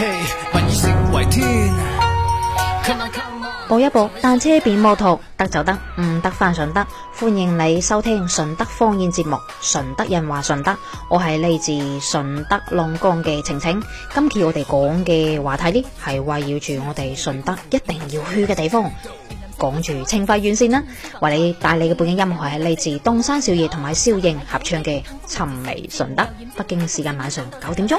Hey, 搏一搏，單車變摩托，得就得，唔得翻順德。歡迎你收聽順德方言節目《順德人話順德》，我係嚟自順德龍江嘅晴晴。今期我哋講嘅話題呢，係圍繞住我哋順德一定要去嘅地方。講住情懷遠線啦，為你帶你嘅背景音樂係嚟自《東山少爺》同埋蕭盈合唱嘅《尋味順德》，北京時間晚上九點鐘。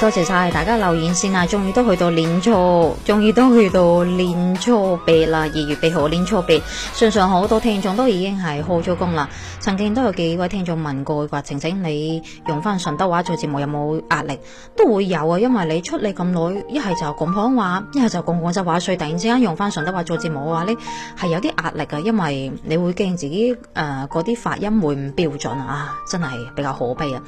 多謝晒大家留言先啊！終於都去到年初，終於都去到年初八啦，二月八號年初八。相信好多聽眾都已經係開咗工啦。曾經都有幾位聽眾問過話：晴晴，晨晨你用翻順德話做節目有冇壓力？都會有啊，因為你出嚟咁耐，一係就講廣府話，一係就講廣州話，所以突然之間用翻順德話做節目嘅話呢，係有啲壓力啊，因為你會驚自己誒嗰啲發音會唔標準啊！真係比較可悲啊！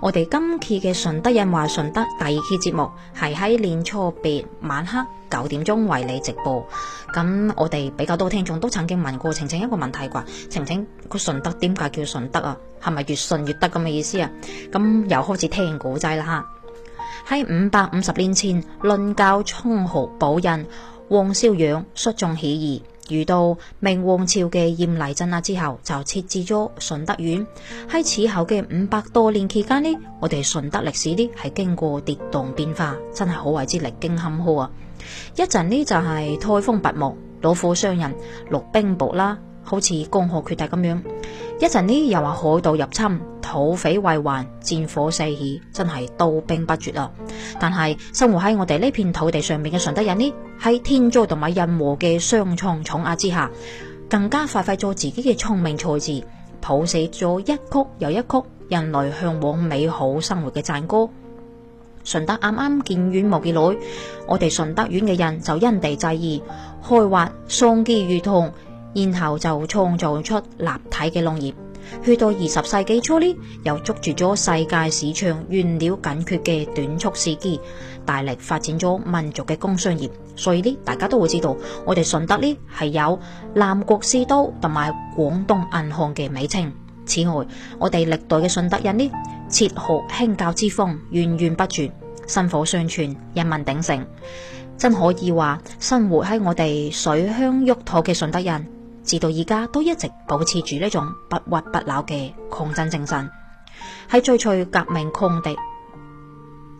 我哋今期嘅順德人話順德。第二期節目係喺年初八晚黑九點鐘為你直播，咁我哋比較多聽眾都曾經問過晴晴一個問題啩，晴晴，個順德點解叫順德啊？係咪越順越得咁嘅意思啊？咁又開始聽古仔啦，喺五百五十年前，倫教沖鶴堡人，黃蕭養率眾起義。遇到明王朝嘅嚴厲鎮壓之後，就設置咗順德縣。喺此後嘅五百多年期間呢，我哋順德歷史呢係經過跌宕變化，真係可謂之歷經坎坷啊！一陣呢就係颱風拔毛、老虎傷人，落冰雹啦，好似江河決堤咁樣。一陣呢，又話海盜入侵、土匪為患、戰火四起，真係刀兵不絕啊！但係生活喺我哋呢片土地上面嘅順德人呢，喺天災同埋人禍嘅雙重重壓之下，更加發揮咗自己嘅聰明才智，譜寫咗一曲又一曲人類向往美好生活嘅讚歌。順德啱啱建縣冇幾耐，我哋順德縣嘅人就因地制宜，開挖桑基魚塘。然後就創造出立體嘅農業，去到二十世紀初呢，又抓住咗世界市場原料緊缺嘅短促時機，大力發展咗民族嘅工商業。所以呢，大家都會知道我哋順德呢係有南國絲都同埋廣東銀行嘅美稱。此外，我哋歷代嘅順德人呢，切學興教之風源源不絕，薪火相傳，人民鼎盛，真可以話生活喺我哋水鄉沃土嘅順德人。直到而家都一直保持住呢種不屈不撓嘅抗爭精神，喺追隨革命抗敵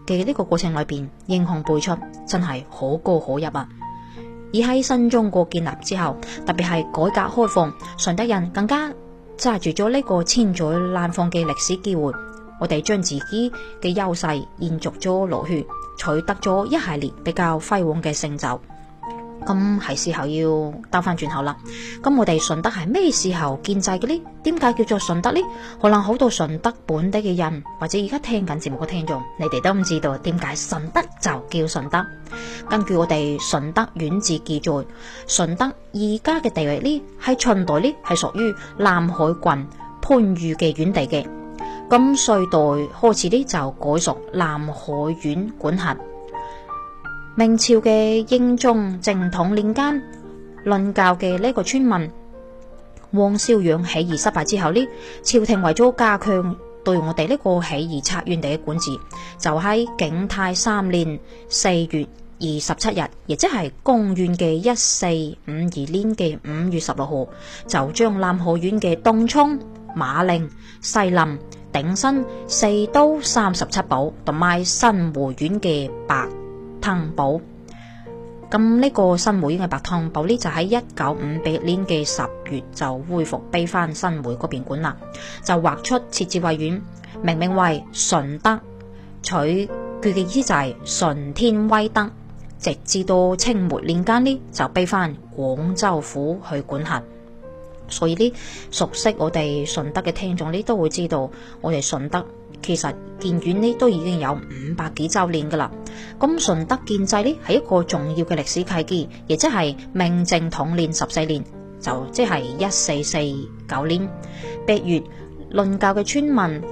嘅呢個過程裏邊，英雄輩出，真係可歌可泣啊！而喺新中國建立之後，特別係改革開放，順德人更加揸住咗呢個千載難逢嘅歷史機會，我哋將自己嘅優勢延續咗落去，取得咗一系列比較輝煌嘅成就。咁係時候要兜翻轉頭啦。咁我哋順德係咩時候建制嘅呢？點解叫做順德呢？可能好多順德本地嘅人，或者而家聽緊節目嘅聽眾，你哋都唔知道點解順德就叫順德。根據我哋順德縣志記載，順德而家嘅地域呢，喺秦代呢，係屬於南海郡番禺嘅縣地嘅。咁隋代開始呢，就改屬南海縣管轄。明朝嘅英宗正統年間，倫教嘅呢個村民黃蕭養起義失敗之後，呢朝廷為咗加強對我哋呢個起義策源地嘅管治，就喺景泰三年四月二十七日，亦即係公元嘅一四五二年嘅五月十六號，就將南河縣嘅東涌、馬寧、西林、鼎新四都三十七堡同埋新河縣嘅白。湯寶，咁呢個新會應該係白湯寶呢？就喺一九五八年嘅十月就恢復畀返新會嗰邊管啦，就劃出設置為縣，命名為順德，取佢嘅意思就係順天威德，直至到清末年間呢就畀返廣州府去管轄，所以呢熟悉我哋順德嘅聽眾呢都會知道我哋順德。其實建院呢都已經有五百幾周年噶啦，咁順德建制呢係一個重要嘅歷史契機，亦即係明正統年十四年，就即係一四四九年八月，論教嘅村民、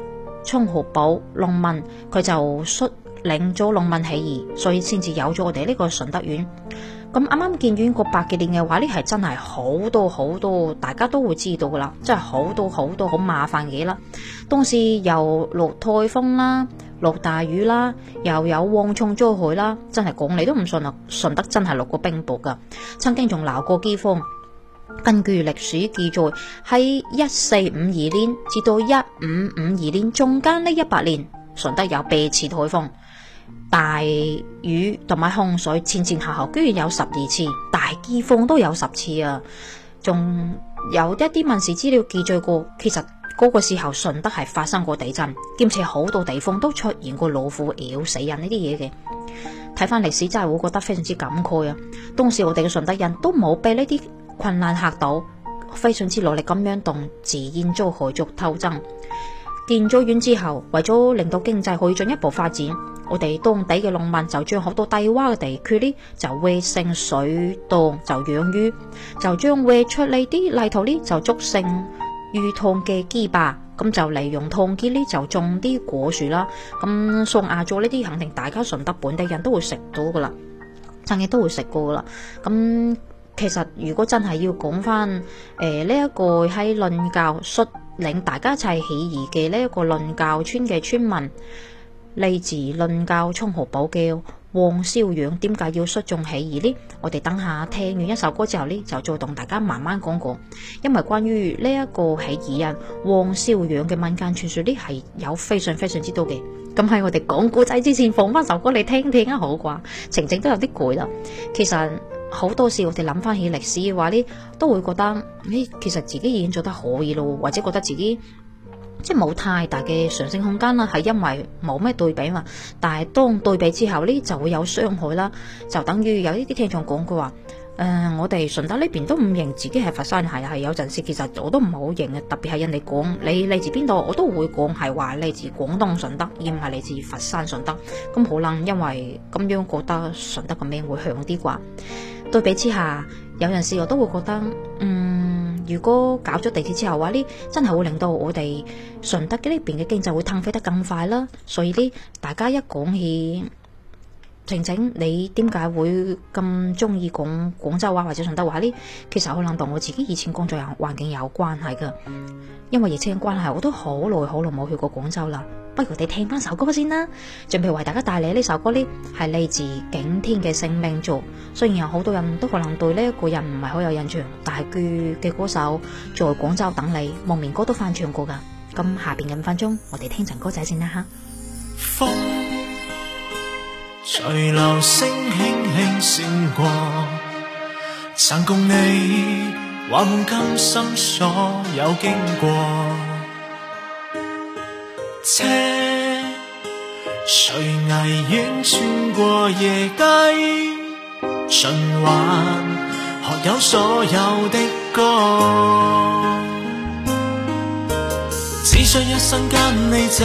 沖河堡農民，佢就率領咗農民起義，所以先至有咗我哋呢個順德縣。咁啱啱見完個百幾年嘅話，呢係真係好多好多，大家都會知道噶啦，真係好多好多好麻煩嘅嘢啦。當時又落颱風啦，落大雨啦，又有蝗蟲災害啦，真係講你都唔信啊！順德真係落過冰雹噶，曾經仲鬧過飢荒。根據歷史記載，喺一四五二年至到一五五二年，中間呢一百年，順德有八次颱風。大雨同埋洪水前前後後，居然有十二次大饑荒都有十次啊！仲有一啲民事資料記載過，其實嗰個時候順德係發生過地震，兼且好多地方都出現過老虎咬死人呢啲嘢嘅。睇翻歷史真係會覺得非常之感慨啊！當時我哋嘅順德人都冇被呢啲困難嚇到，非常之努力咁樣動自然遭海族偷爭，建咗院之後為咗令到經濟可以進一步發展。我哋當地嘅農民就將好多低窪嘅地區呢，就挖成水洞，就養魚；就將挖出嚟啲泥土呢，就築成魚塘嘅基壩。咁就利用塘基呢，就種啲果樹啦。咁松亞座呢啲，肯定大家順德本地人都會食到噶啦，曾經都會食過噶啦。咁其實如果真係要講返，誒呢一個喺倫教率領大家一齊起義嘅呢一個倫教村嘅村民。嚟自倫教衝鶴堡嘅黃蕭養，點解要率眾起義呢？我哋等下聽完一首歌之後呢，就再同大家慢慢講講。因為關於呢一個起義人黃蕭養嘅民間傳說呢，係有非常非常之多嘅。咁喺我哋講古仔之前，放翻首歌你聽聽啊，好啩？程程都有啲攰啦。其實好多時我哋諗翻起歷史嘅話呢，都會覺得誒，其實自己已經做得可以咯，或者覺得自己。即係冇太大嘅上升空間啦，係因為冇咩對比嘛。但係當對比之後呢，就會有傷害啦。就等於有一啲聽眾講佢話，誒、嗯，我哋順德呢邊都唔認自己係佛山係，係有陣時其實我都唔好認啊，特別係人哋講你嚟自邊度，我都會講係話嚟自廣東順德，而唔係嚟自佛山順德。咁可能因為咁樣覺得順德嘅名會響啲啩。對比之下，有陣時我都會覺得，嗯。如果搞咗地鐵之後，話呢真係會令到我哋順德嘅呢邊嘅經濟會騰飛得更快啦，所以呢，大家一講起。晴晴，你點解會咁中意講廣州話或者順德話呢？其實可能同我自己以前工作有環境有關係噶，因為疫情關係，我都好耐好耐冇去過廣州啦。不如我哋聽翻首歌先啦。j a m 為大家帶嚟呢首歌呢係嚟自景天嘅《性命做》，雖然有好多人都可能對呢一個人唔係好有印象，但係佢嘅歌手《在廣州等你》、《牧民歌》都翻唱過噶。咁下邊嘅五分鐘，我哋聽陣歌仔先啦吓。隨流星輕輕閃過，曾共你畫今生所有經過。車隨危險穿過夜街，循環學有所有的歌，只想一生跟你走。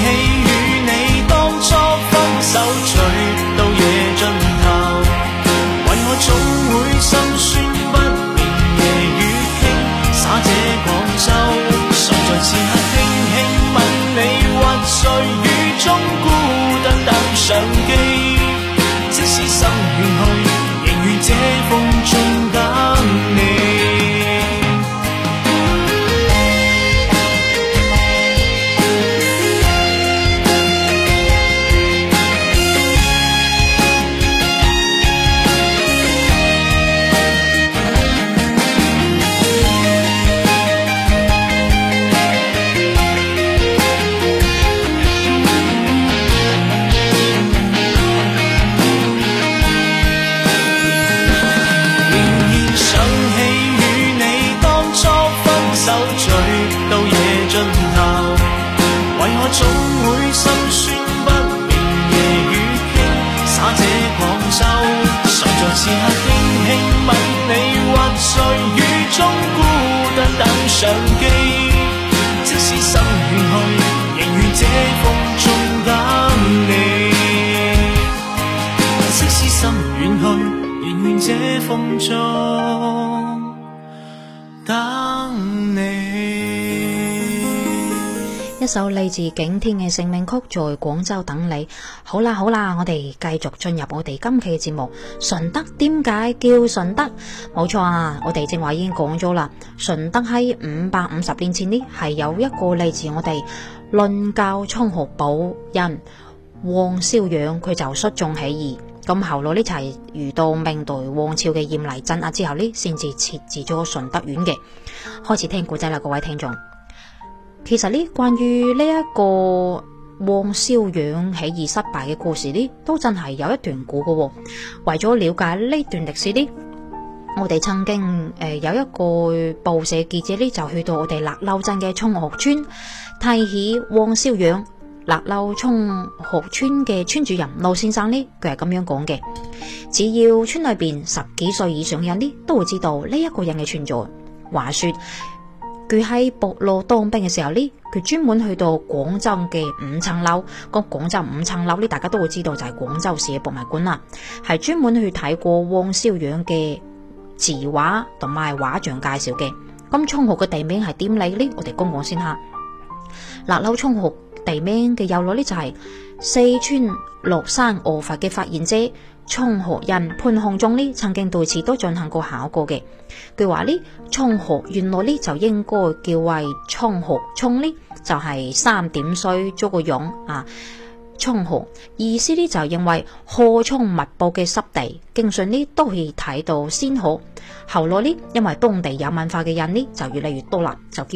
一首嚟自景天嘅成名曲，在廣州等你。好啦好啦，我哋繼續進入我哋今期嘅節目。順德點解叫順德？冇錯啊，我哋正話已經講咗啦。順德喺五百五十年前呢，係有一個嚟自我哋論教沖鶴堡人黃蕭養，佢就率眾起義。咁後來呢就係遇到明代王朝嘅嚴厲鎮壓之後呢，先至設置咗順德縣嘅。開始聽古仔啦，各位聽眾。其實呢，關於呢一個黃蕭養起義失敗嘅故事呢，都真係有一段古嘅、哦。為咗了，了解呢段歷史呢，我哋曾經誒、呃、有一個報社記者呢，就去到我哋勒流鎮嘅沖鶴村，提起黃蕭養勒流沖鶴村嘅村主任盧先生呢，佢係咁樣講嘅：只要村裏邊十幾歲以上人呢，都會知道呢一個人嘅存在。話說。佢喺博羅當兵嘅時候呢，佢專門去到廣州嘅五層樓，個廣州五層樓呢，大家都會知道就係廣州市嘅博物館啦，係專門去睇過汪少陽嘅字畫同埋畫像介紹嘅。咁沖鶴嘅地名係點嚟呢？我哋公講先下。勒流沖鶴地名嘅由來呢，就係、是、四川樂山臥佛嘅發現者沖鶴人潘鴻忠呢，曾經對此都進行過考過嘅。佢話呢滄河原來河、啊、河呢，就應該叫為滄河，滄呢就係三點水，捉個涌啊，滄河意思呢就認為河涌密佈嘅濕地，經常呢都可以睇到仙河。後來呢，因為當地有文化嘅人呢就越嚟越多啦，就叫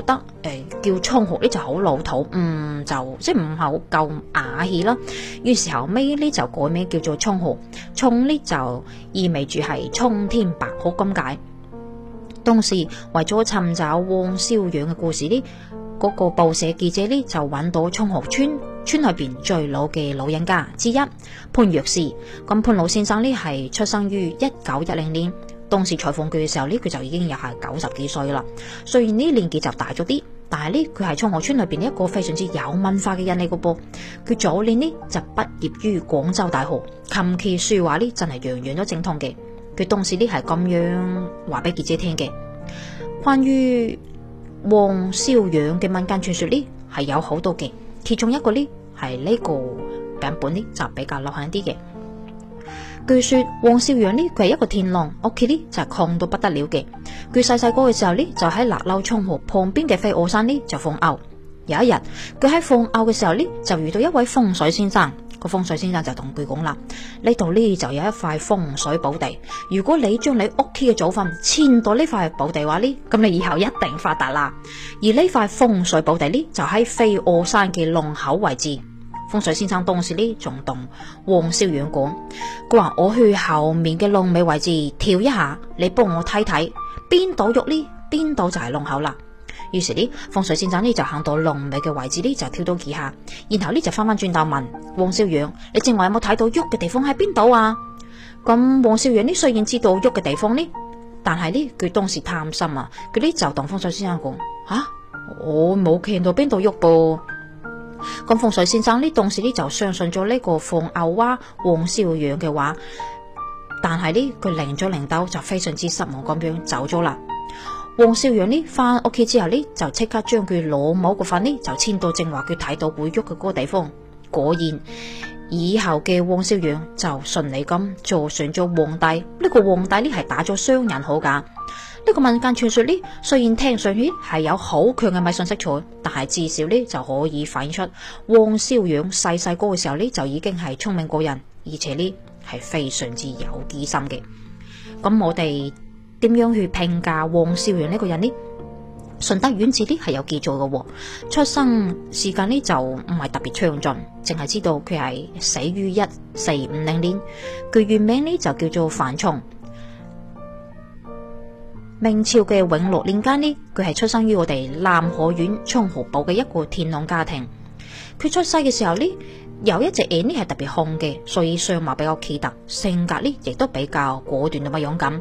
覺得誒、欸、叫滄河呢就好老土，嗯就即係唔係好夠雅氣啦。於是後尾呢就改名叫做滄河，滄呢就意味住係沖天白鶴咁解。當時為咗尋找汪少陽嘅故事呢，嗰、那個報社記者呢就揾到沖河村村裏邊最老嘅老人家之一潘若詩。咁潘老先生呢係出生於一九一零年，當時採訪佢嘅時候呢，佢就已經有係九十幾歲啦。雖然呢年紀就大咗啲，但係呢佢係沖河村裏邊一個非常之有文化嘅人嚟個噃。佢早年呢就畢業於廣州大學，琴棋書畫呢真係樣樣都精通嘅。佢當時呢係咁樣話俾姐姐聽嘅，關於黃蕭養嘅民間傳說呢係有好多嘅，其中一個呢係呢個版本呢就比較流行啲嘅。據說黃蕭養呢佢係一個天狼，屋企呢就係窮到不得了嘅。佢細細個嘅時候呢就喺勒流昌河旁邊嘅飛鵝山呢就放牛。有一日佢喺放牛嘅時候呢就遇到一位風水先生。風水先生就同佢講啦：呢度呢就有一塊風水寶地，如果你將你屋企嘅祖墳遷到呢塊寶地嘅話呢，咁你以後一定發達啦。而呢塊風水寶地呢就喺飛鵝山嘅龍口位置。風水先生當時呢仲同黃蕭養講：佢話我去後面嘅龍尾位置跳一下，你幫我睇睇邊度喐呢，邊度就係龍口啦。於是呢，風水先生呢就行到龍尾嘅位置呢，就跳到幾下，然後呢就翻翻轉頭問黃少陽：你正話有冇睇到喐嘅地方喺邊度啊？咁黃少陽呢雖然知道喐嘅地方呢，但係呢佢當時貪心啊，佢呢就同風水先生講：吓、啊，我冇企到邊度喐噃。咁風水先生呢當時呢就相信咗呢個放牛娃黃少陽嘅話，但係呢佢擰咗擰兜就非常之失望咁樣走咗啦。黃少陽呢翻屋企之後呢就即刻將佢老母個墳呢就遷到正話佢睇到會喐嘅嗰個地方，果然以後嘅黃少陽就順利咁做上咗皇帝。呢、這個皇帝呢係打咗雙人好噶。呢、這個民間傳說呢雖然聽上去係有好強嘅迷信色彩，但係至少呢就可以反映出黃少陽細細個嘅時候呢就已經係聰明過人，而且呢係非常之有機心嘅。咁我哋。點樣去評價黃少陽呢個人呢？順德縣志啲係有記載嘅，出生時間呢就唔係特別詳盡，淨係知道佢係死於一四五零年。佢原名呢就叫做范崇。明朝嘅永樂年間呢，佢係出生於我哋南海縣沖河堡嘅一個佃農家庭。佢出世嘅時候呢，有一隻眼呢係特別凶嘅，所以相貌比較奇特，性格呢亦都比較果斷同埋勇敢。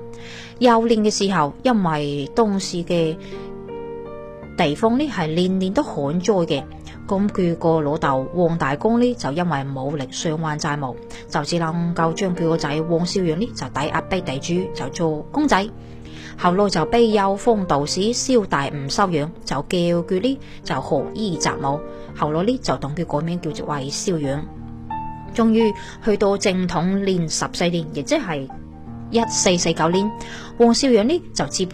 幼年嘅時候，因為當時嘅地方呢係年年都旱災嘅，咁、那、佢個老豆黃大公呢就因為冇力償還債務，就只能夠將佢個仔黃少陽呢就抵押俾地主就做公仔。後來就被有方道士蕭大唔收養，就叫佢呢就學醫習武，後來呢就當佢改名叫做黃蕭養。終於去到正統年十四年，亦即係一四四九年，黃蕭養呢就接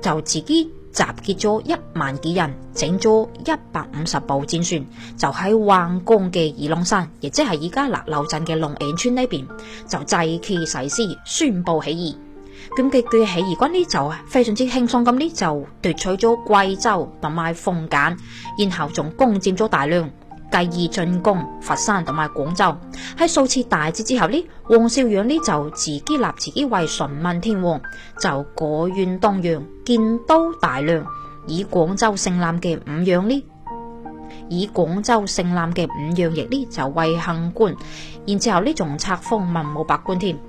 就自己集結咗一萬幾人，整咗一百五十部戰船，就喺橫江嘅二龍山，亦即係而家勒流鎮嘅龍眼村呢邊，就祭旗誓師，宣布起義。咁嘅佢起義軍呢就非常之輕鬆咁呢就奪取咗桂洲同埋逢簡，然後仲攻佔咗大良，繼而進攻佛山同埋廣州。喺數次大捷之後呢，黃蕭養呢就自己立自己為順民天王，就改元東陽，建都大良，以廣州城南嘅五羊呢，以廣州城南嘅五羊亦呢就為行宮，然之後呢仲冊封文武百官添。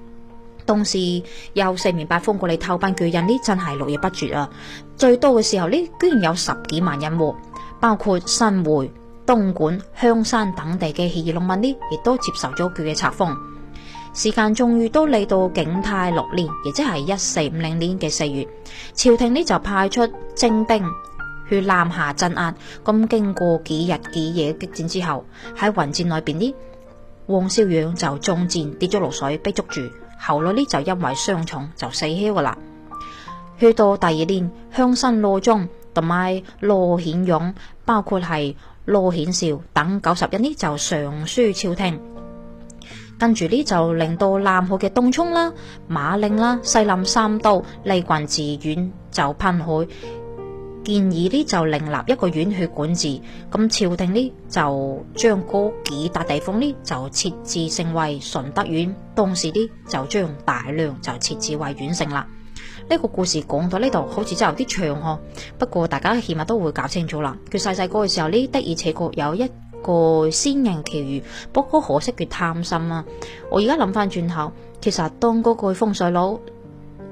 同時又四面八方過嚟偷班巨人呢，真係絡繹不絕啊！最多嘅時候呢，居然有十幾萬人喎，包括新會、東莞、香山等地嘅起義農民呢，亦都接受咗佢嘅拆封。時間終於都嚟到景泰六年，亦即係一四五零年嘅四月，朝廷呢就派出精兵去南下鎮壓。咁經過幾日幾夜激戰之後，喺雲戰內邊呢，黃少陽就中箭跌咗落水，被捉住。後來呢就因為傷重就死喎啦。去到第二年，鄉紳羅宗同埋羅顯勇，包括係羅顯兆等九十一呢就上書朝廷，跟住呢就令到南海嘅東涌啦、馬嶺啦、西林三都離郡治遠就噴海。建議呢就另立一個縣去管治，咁朝廷呢就將嗰幾笪地方呢就設置成為順德縣，當時呢就將大良就設置為縣城啦。呢個故事講到呢度，好似真有啲長哦。不過大家起碼都會搞清楚啦。佢細細個嘅時候呢，的而且確有一個仙人奇遇，不過可惜佢貪心啊。我而家諗翻轉頭，其實當嗰個風水佬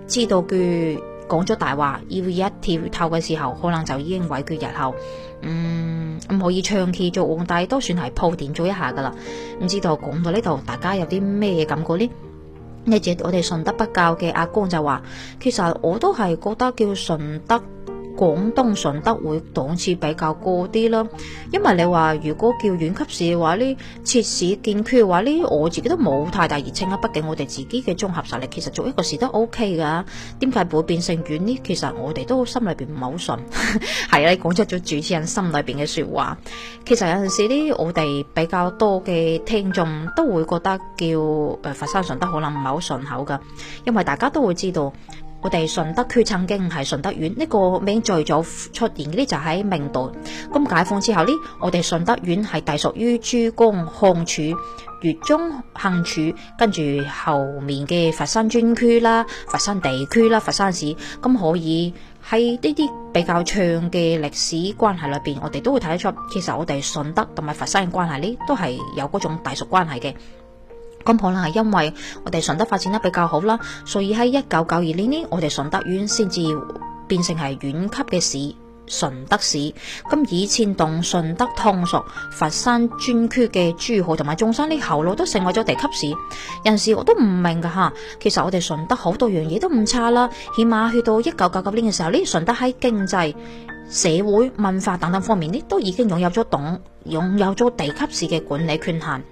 知道佢。講咗大話，要一跳頭嘅時候，可能就已經委決日後，嗯，唔可以長期做皇帝，都算係鋪墊咗一下噶啦。唔知道講到呢度，大家有啲咩感覺呢？一直我哋順德北滘嘅阿光就話，其實我都係覺得叫順德廣東順德會檔次比較高啲囉，因為你話如果叫縣級市嘅話呢，設市建區嘅話呢，我自己都冇太大熱情啊。畢竟我哋自己嘅綜合實力其實做一個市都 OK 噶，點解會變成縣呢？其實我哋都心裏邊唔係好順，係 你講出咗主持人心裏邊嘅説話。其實有陣時呢，我哋比較多嘅聽眾都會覺得叫誒佛山順德可能唔係好順口噶，因為大家都會知道。我哋順德區曾經係順德縣，呢、這個名最早出現嘅呢就喺明代。咁解放之後呢，我哋順德縣係隸屬於珠江、行署、粵中、行署，跟住後面嘅佛山專區啦、佛山地區啦、佛山市。咁可以喺呢啲比較長嘅歷史關係裏邊，我哋都會睇得出，其實我哋順德同埋佛山嘅關係呢，都係有嗰種隸屬關係嘅。咁可能係因為我哋順德發展得比較好啦，所以喺一九九二年呢，我哋順德縣先至變成係縣級嘅市，順德市。咁以前順同順德同屬佛山專區嘅珠海同埋中山呢，後腦都成為咗地級市。有陣時我都唔明噶吓，其實我哋順德好多樣嘢都唔差啦，起碼去到一九九九年嘅時候，呢順德喺經濟。社會文化等等方面，呢都已經擁有咗董擁有咗地級市嘅管理權限，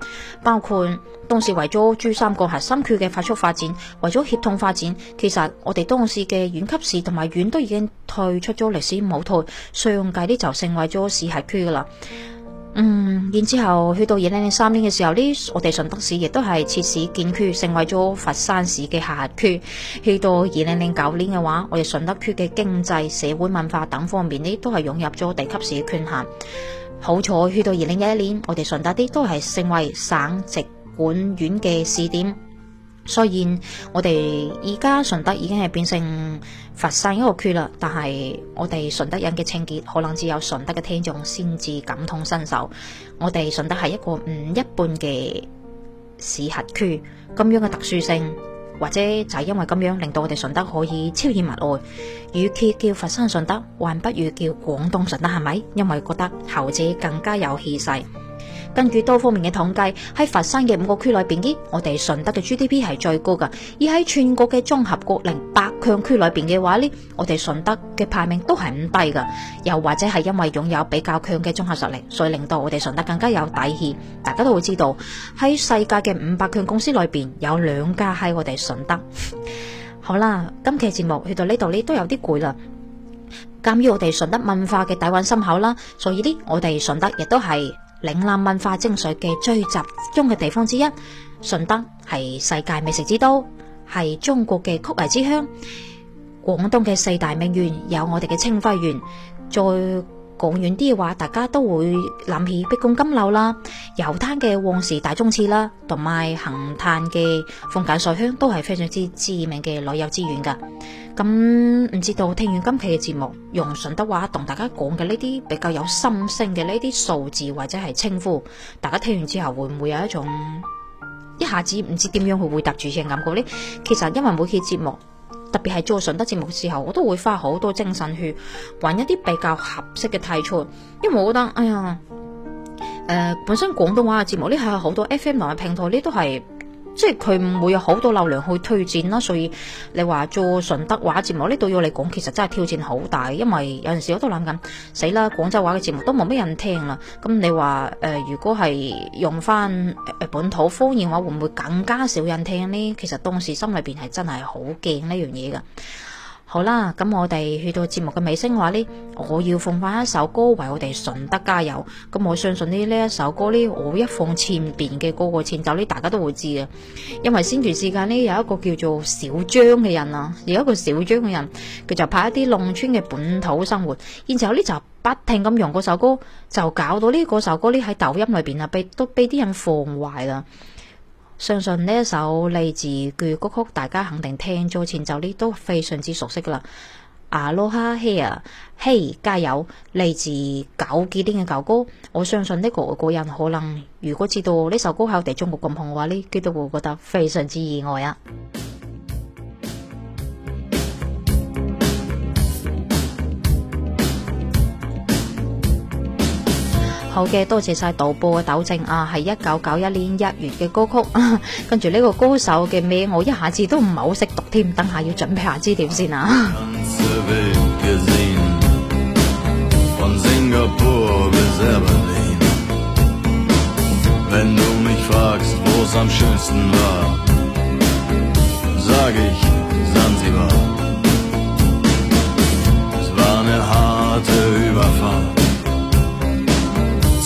包括當時為咗珠三角核心區嘅快速發展，為咗協同發展，其實我哋當時嘅縣級市同埋縣都已經退出咗歷史舞台，上屆呢就成為咗市轄區㗎喇。嗯，然之後去到二零零三年嘅時候呢，我哋順德市亦都係撤市設區，成為咗佛山市嘅下轄區。去到二零零九年嘅話，我哋順德區嘅經濟社會文化等方面呢，都係融入咗地級市嘅權限。好彩去到二零一一年，我哋順德啲都係成為省直管縣嘅試點。所以，雖然我哋而家順德已經係變成佛山一個區啦。但係我哋順德人嘅情結可能只有順德嘅聽眾先至感同身受。我哋順德係一個唔一般嘅市轄區，咁樣嘅特殊性，或者就係因為咁樣令到我哋順德可以超然物外。與其叫佛山順德，還不如叫廣東順德，係咪？因為覺得後者更加有氣勢。根據多方面嘅統計，喺佛山嘅五個區裏邊，呢我哋順德嘅 GDP 係最高噶。而喺全國嘅綜合國力百強區裏邊嘅話，呢我哋順德嘅排名都係唔低噶。又或者係因為擁有比較強嘅綜合實力，所以令到我哋順德更加有底氣。大家都會知道喺世界嘅五百強公司裏邊有兩家喺我哋順德。好啦，今期節目去到呢度呢，都有啲攰啦。鑒於我哋順德文化嘅底蘊深厚啦，所以呢我哋順德亦都係。嶺南文化精髓嘅聚集中嘅地方之一，順德係世界美食之都，係中國嘅曲藝之鄉。廣東嘅四大名園有我哋嘅清暉園，在。講遠啲嘅話，大家都會諗起碧江金樓啦、右灘嘅黃氏大宗祠啦，同埋杏壇嘅逢簡水鄉，都係非常之知名嘅旅遊資源噶。咁、嗯、唔知道聽完今期嘅節目，用順德話同大家講嘅呢啲比較有心聲嘅呢啲數字或者係稱呼，大家聽完之後會唔會有一種一下子唔知點樣去回答住嘅感覺呢？其實因為每期節目。特別係做順德節目嘅時候，我都會花好多精神去揾一啲比較合適嘅題材，因為我覺得，哎呀，呃，本身廣東話嘅節目咧係好多 FM 同埋平台咧都係。即係佢唔會有好多流量去推薦啦，所以你話做順德話節目呢？對我嚟講，其實真係挑戰好大，因為有陣時我都諗緊，死啦！廣州話嘅節目都冇乜人聽啦。咁你話誒、呃，如果係用翻本土方言嘅話，會唔會更加少人聽呢？其實當時心裏邊係真係好驚呢樣嘢噶。好啦，咁我哋去到節目嘅尾聲嘅話咧，我要放翻一首歌為我哋順德加油。咁我相信呢呢一首歌呢，我一放前邊嘅個個前奏呢，大家都會知嘅。因為先段時間呢，有一個叫做小張嘅人啊，有一個小張嘅人，佢就拍一啲農村嘅本土生活，然之後咧就不停咁用嗰首歌，就搞到呢首歌呢，喺抖音裏邊啊，被都被啲人放壞啦。相信呢一首勵志嘅歌曲，大家肯定聽咗前奏呢都非常之熟悉啦。啊羅哈 o 啊，嘿，hey, 加油！勵志九幾年嘅舊歌，我相信呢個外國人可能如果知道呢首歌喺我哋中國咁紅嘅話呢，佢都會覺得非常之意外啊！好嘅，多謝晒導播嘅糾正啊，係一九九一年一月嘅歌曲，跟住呢個歌手嘅名，我一下子都唔係好識讀添，等下要準備下資料先啊。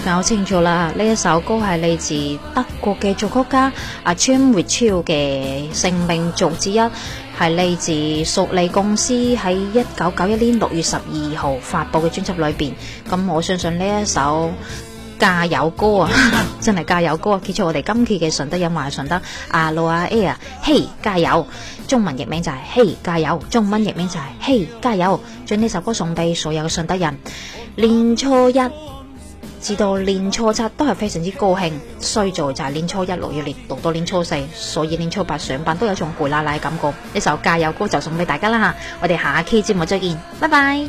搞清楚啦！呢一首歌係嚟自德國嘅作曲家阿 c h i m Richo 嘅成名作之一，係嚟自索尼公司喺一九九一年六月十二號發布嘅專輯裏邊。咁我相信呢一首加油歌啊， 真係加油歌！啊。結束我哋今期嘅順德人話，順德阿路阿 a i r 嘿，hey, 加油！中文譯名就係嘿，加油！中文譯名就係嘿，加油！將呢首歌送俾所有嘅順德人，年初一。至到年初七都係非常之高興，衰在就係年初一六月練，讀到年初四，所以年初八上班都有種攰拉拉嘅感覺。呢首加油歌就送俾大家啦吓，我哋下期節目再見，拜拜。